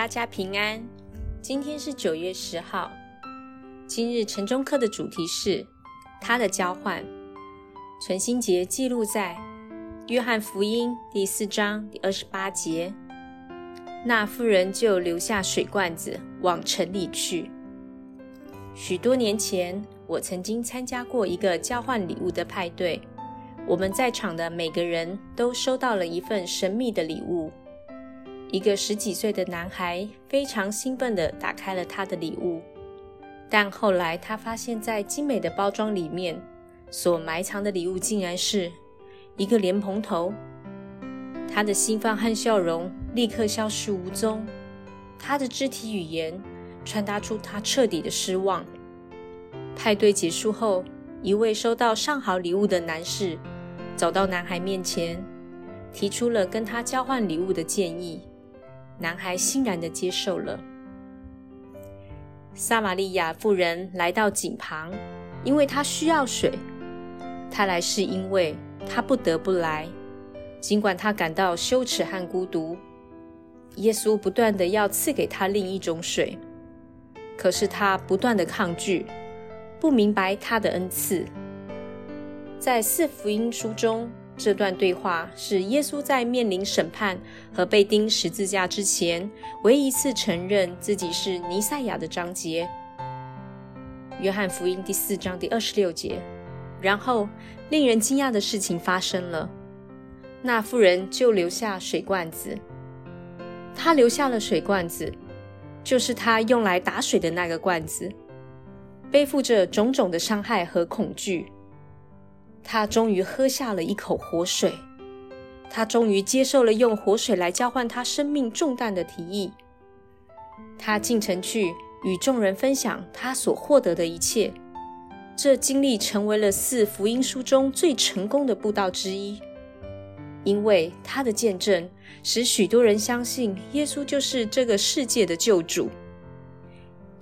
大家平安，今天是九月十號。今日晨鐘課的主題是“祂的交換”。存心節記錄在《約翰福音》第四章第二十八節。那婦人就留下水罐子，往城裡去。許多年前，我曾經參加過一個交換禮物的派對，我們在場的每個人都收到了一份神秘的禮物。一個十幾歲的男孩非常興奮地打開了他的禮物，但後來他發現，在精美的包裝裡面所埋藏的禮物竟然是一個蓮蓬頭。他的興奮和笑容立刻消失無蹤，他的肢體語言傳達出他徹底的失望。派對結束後，一位收到上好禮物的男士走到男孩面前，提出了跟他交換禮物的建議。男孩欣然地接受了。撒瑪利亞婦人來到井旁，因為她需要水。她來是因為她不得不來，儘管她感到羞恥和孤獨。耶穌不斷地要賜給她另一種水，可是她不斷地抗拒，不明白他的恩賜。在四福音書中，這段對話是耶穌在面臨審判和被釘十字架之前，唯一一次承認自己是彌賽亞的章節。約翰福音第四章第二十六節。然後，令人驚訝的事情發生了，那婦人就留下水罐子。她留下了水罐子，就是她用來打水的那個罐子，背負着種種的傷害和恐懼。他終於喝下了一口活水，他終於接受了用活水來交換他生命重擔的提議。他進城去與眾人分享他所獲得的一切，這經歷成為了四福音書中最成功的佈道之一，因為他的見證使許多人相信耶穌就是這個世界的救主。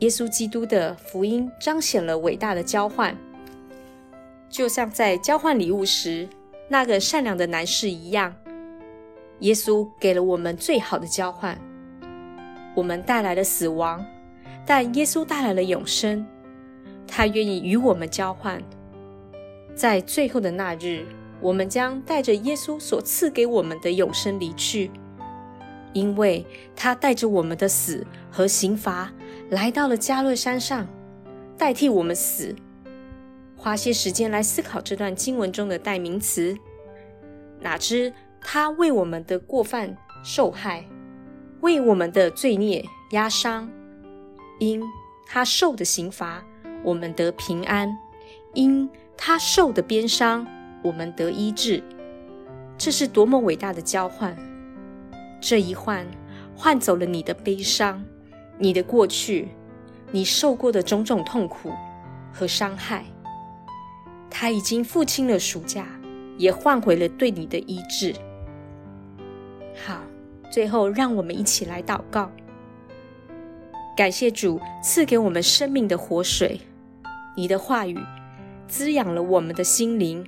耶穌基督的福音彰顯了偉大的交換。就像在交換禮物時，那個善良的男士一樣，耶穌給了我們最好的交換。我們帶來了死亡，但耶穌帶來了永生。他願意與我們交換，在最後的那日，我們將帶着耶穌所賜給我們的永生離去，因為他帶着我們的死和刑罰來到了加略山上，代替我們死。花些時間來思考這段經文中的代名詞。哪知他為我們的過犯受害，為我們的罪孽壓傷。因他受的刑罰，我們得平安；因他受的鞭傷，我們得醫治。這是多麼偉大的交換！這一換，換走了你的悲傷、你的過去、你受過的種種痛苦和傷害。他已經付清了贖價，也換回了對你的醫治。好，最後讓我們一起來禱告，感謝主賜給我們生命的活水，你的話語滋養了我們的心靈，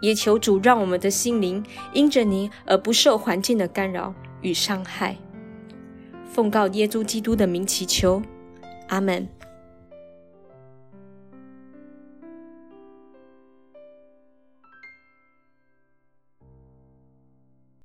也求主讓我們的心靈因着你而不受環境的干擾與傷害。奉告耶穌基督的名祈求，阿門。